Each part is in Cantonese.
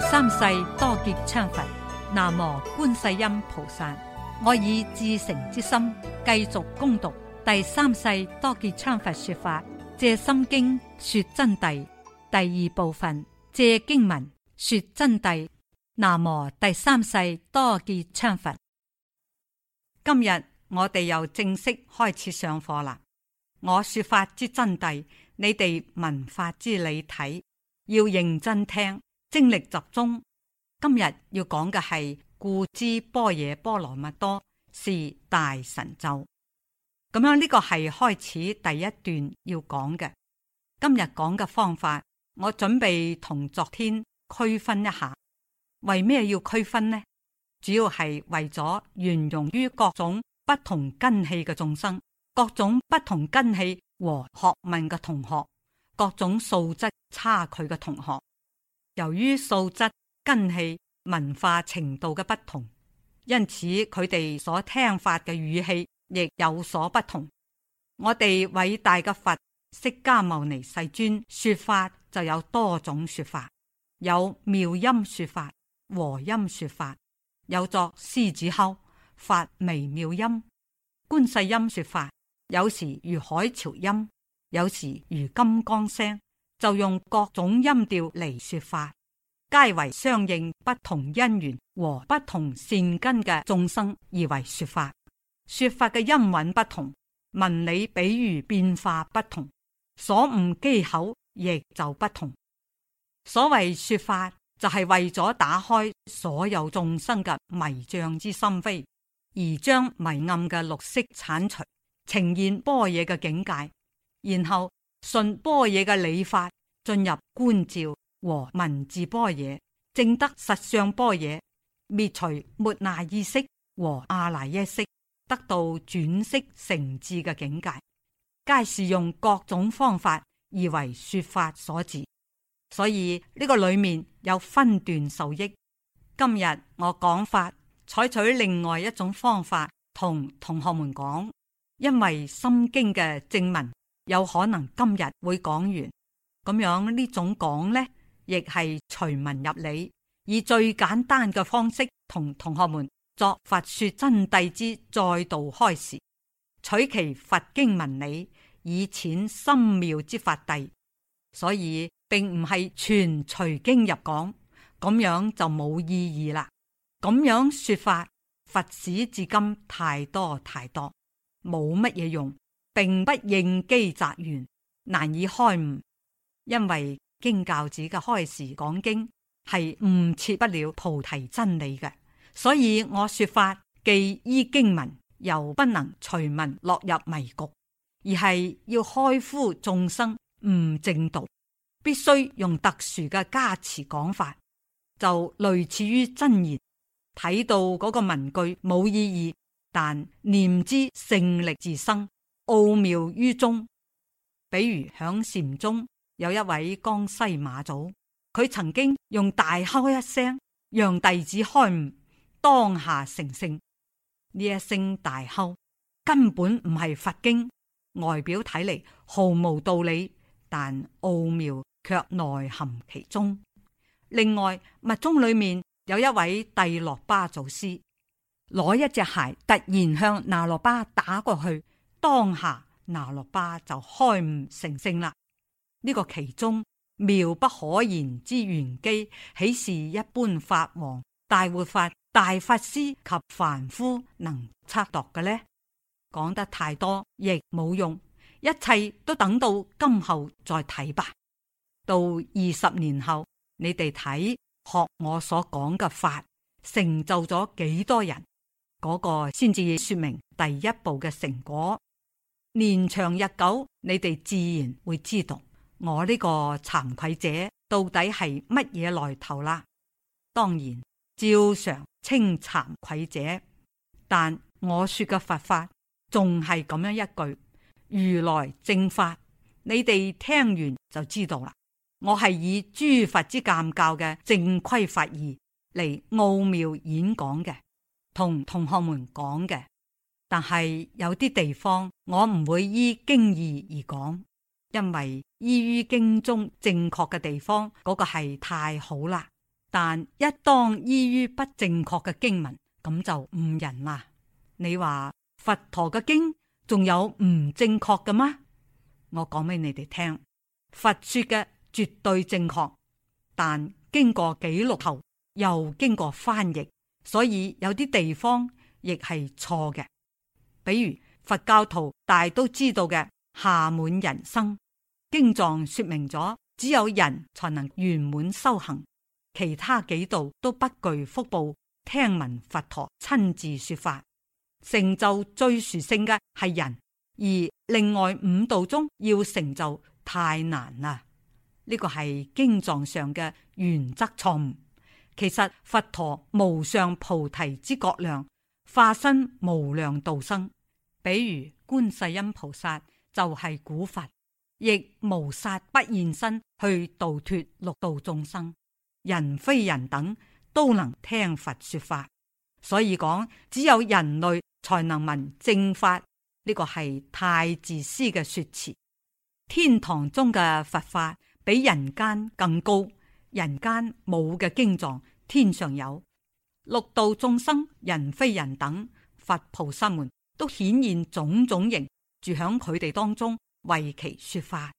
第三世多杰羌佛，南無觀世音菩薩。我以至誠之心繼續攻讀第三世多杰羌佛說法。借心經說真諦，第二部分借經文說真諦。南無第三世多杰羌佛。今日我哋又正式開始上課啦。我說法之真諦，你哋文化之理體，要認真聽。精力集中，今日要講嘅係《故知般若波羅蜜多》，是大神咒。咁樣呢個係開始第一段要講嘅。今日講嘅方法，我準備同昨天區分一下。為咩要區分呢？主要係為咗圓融於各種不同根器嘅眾生，各種不同根器和學問嘅同學，各種素質差距嘅同學。由於素質、根氣、文化程度嘅不同，因此佢哋所聽法嘅語氣亦有所不同。我哋偉大嘅佛釋迦牟尼世尊說法就有多種說法，有妙音說法、和音說法，有作獅子吼發微妙音、觀世音說法，有時如海潮音，有時如金剛聲。就用各種音調嚟說法，皆為相應不同因緣和不同善根嘅眾生而為說法。說法嘅音韻不同，文理比喻變化不同，所悟機口亦就不同。所謂說法，就係為咗打開所有眾生嘅迷障之心扉，而將迷暗嘅六識鏟除，呈現般若嘅境界，然後。信般若嘅理法進入觀照，和文字般若，正得實相般若，滅除末那意識和阿賴耶識，得到轉識成智嘅境界，皆是用各種方法而為說法所致。所以呢，這個裏面有分段受益。今日我講法採取另外一種方法同同學們講，因為心經嘅正文。有可能今日會講完，咁樣呢種講呢，亦係隨文入理，以最簡單嘅方式同同學們作佛說真諦之再度開示，取其佛經文理以淺深妙之法諦，所以並唔係全隨經入講，咁樣就冇意義啦。咁樣說法，佛史至今太多太多，冇乜嘢用。並不應機擇緣，難以開悟，因為經教子嘅開示講經係悟切不了菩提真理嘅，所以我說法既依經文，又不能隨文落入迷局，而係要開敷眾生悟正道，必須用特殊嘅加持講法，就類似於真言，睇到嗰個文句冇意義，但念之勝力自生。奧妙於中，比如響禪宗有一位江西馬祖，佢曾經用大吼一聲，讓弟子開悟，當下成聖。呢一聲大吼根本唔係佛經，外表睇嚟毫無道理，但奧妙卻內含其中。另外，密宗裏面有一位帝洛巴祖師，攞一隻鞋突然向那洛巴打過去。當下拿羅巴就開悟成聖啦！呢個其中妙不可言之玄機，豈是一般法王、大活法、大法師及凡夫能測度嘅呢？講得太多亦冇用，一切都等到今後再睇吧。到二十年後，你哋睇學我所講嘅法，成就咗幾多人，嗰個先至說明第一步嘅成果。年長日久，你哋自然會知道我呢個慚愧者到底係乜嘢來頭啦。當然，照常稱慚愧者，但我說嘅佛法仲係咁樣一句：如來正法，你哋聽完就知道啦。我係以諸佛之鑒教嘅正規法義嚟奧妙演講嘅，同同學們講嘅。但係有啲地方我唔會依經義而講，因為依於經中正確嘅地方嗰個係太好啦。但一當依於不正確嘅經文，咁就誤人啦。你話佛陀嘅經仲有唔正確嘅嗎？我講俾你哋聽，佛說嘅絕對正確，但經過記錄後又經過翻譯，所以有啲地方亦係錯嘅。比如佛教徒大都知道嘅暇滿人生經藏說明咗，只有人才能圓滿修行，其他幾道都不具福報。聽聞佛陀親自說法，成就最殊勝嘅係人，而另外五道中要成就太難啦。呢、這個係經藏上嘅原則錯誤。其實佛陀無上菩提之覺量，化身無量道生。比如觀世音菩薩就係古佛，亦無剎不現身去度脫六道眾生，人非人等都能聽佛說法，所以講只有人類才能聞正法，呢、這個係太自私嘅說辭。天堂中嘅佛法比人間更高，人間冇嘅經藏，天上有。六道眾生，人非人等，佛菩薩們，都顯現種種形住喺佢哋當中為其說法，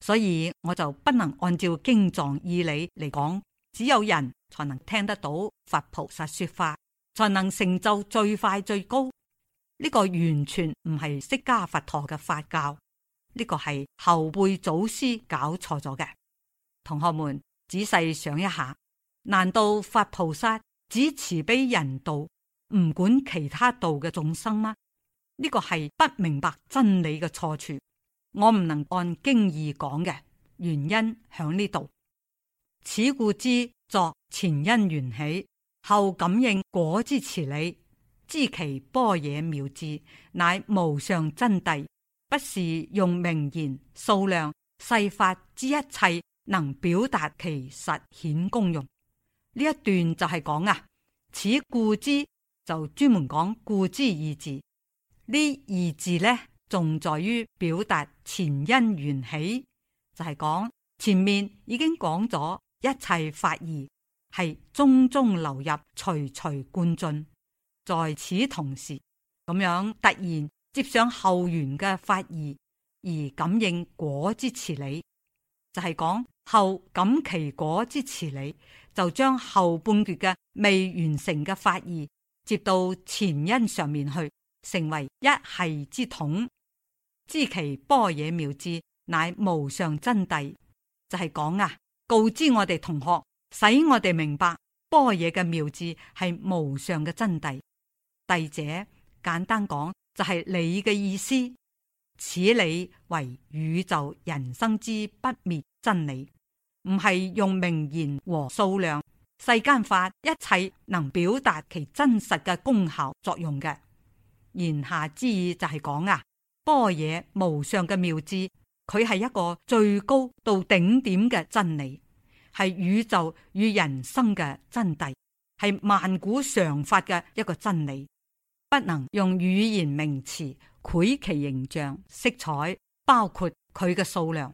所以我就不能按照經藏義理嚟講，只有人才能聽得到佛菩薩說法，才能成就最快最高。呢個完全唔係釋迦佛陀嘅法教，呢個係後輩祖師搞錯咗嘅。同學們仔細想一下，難道佛菩薩只慈悲人道，唔管其他道嘅眾生嗎？呢個係不明白真理嘅錯處，我唔能按經義講嘅原因響呢度。此故知作前因緣起，後感應果之慈理，知其般若妙智，乃無上真諦，不是用名言數量、細法之一切能表達其實顯功用。呢一段就係講啊，此故知就專門講故知意志。呢二字呢，仲在於表達前因緣起，就係、是、講前面已經講咗一切法義係中中流入，徐徐貫進。在此同時，咁樣突然接上後緣嘅法義而感應果之慈理，就係、是、講後感其果之慈理，就將後半段嘅未完成嘅法義接到前因上面去。成為一系之統，知其般若妙智乃無上真諦，就係、是、講啊，告知我哋同學，使我哋明白般若嘅妙智係無上嘅真諦。諦者，簡單講就係、是、理嘅意思，此理為宇宙人生之不滅真理，唔係用名言和數量世間法一切能表達其真實嘅功效作用嘅。言下之意就係講啊，般若無上嘅妙知，佢係一個最高到頂點嘅真理，係宇宙與人生嘅真諦，係萬古常法嘅一個真理，不能用語言名詞繪其形象色彩，包括佢嘅數量。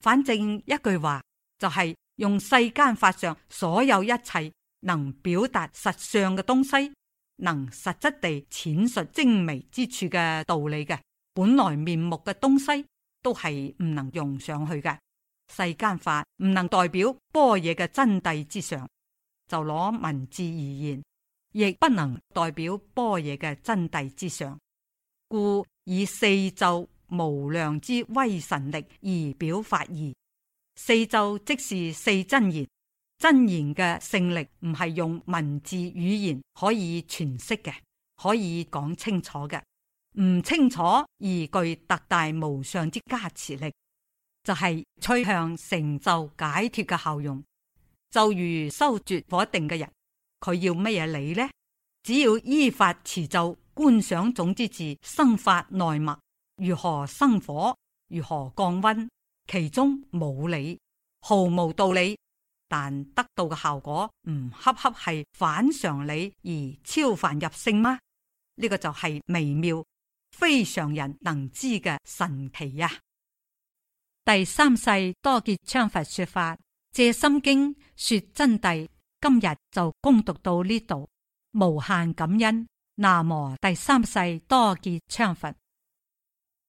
反正一句話就係、是、用世間法上所有一切能表達實相嘅東西。能實質地闡述精微之處嘅道理嘅，本來面目嘅東西都係唔能用上去嘅。世間法唔能代表般若嘅真諦之上，就攞文字而言，亦不能代表般若嘅真諦之上。故以四咒無量之威神力而表法義，四咒即是四真言。真言嘅勝力唔係用文字語言可以詮釋嘅，可以講清楚嘅，唔清楚而具特大無上之加持力，就係、是、趨向成就解脱嘅效用。就如修絕火定嘅人，佢要乜嘢理呢？只要依法持咒，觀想總之字生發內物，如何生火，如何降温，其中冇理，毫無道理，但得到嘅效果唔，恰恰係反常理而超凡入聖嗎？呢、這個就係微妙、非常人能知嘅神奇呀、啊。第三世多杰羌佛說法，借心經說真諦。今日就恭讀到呢度，無限感恩。那麼第三世多杰羌佛。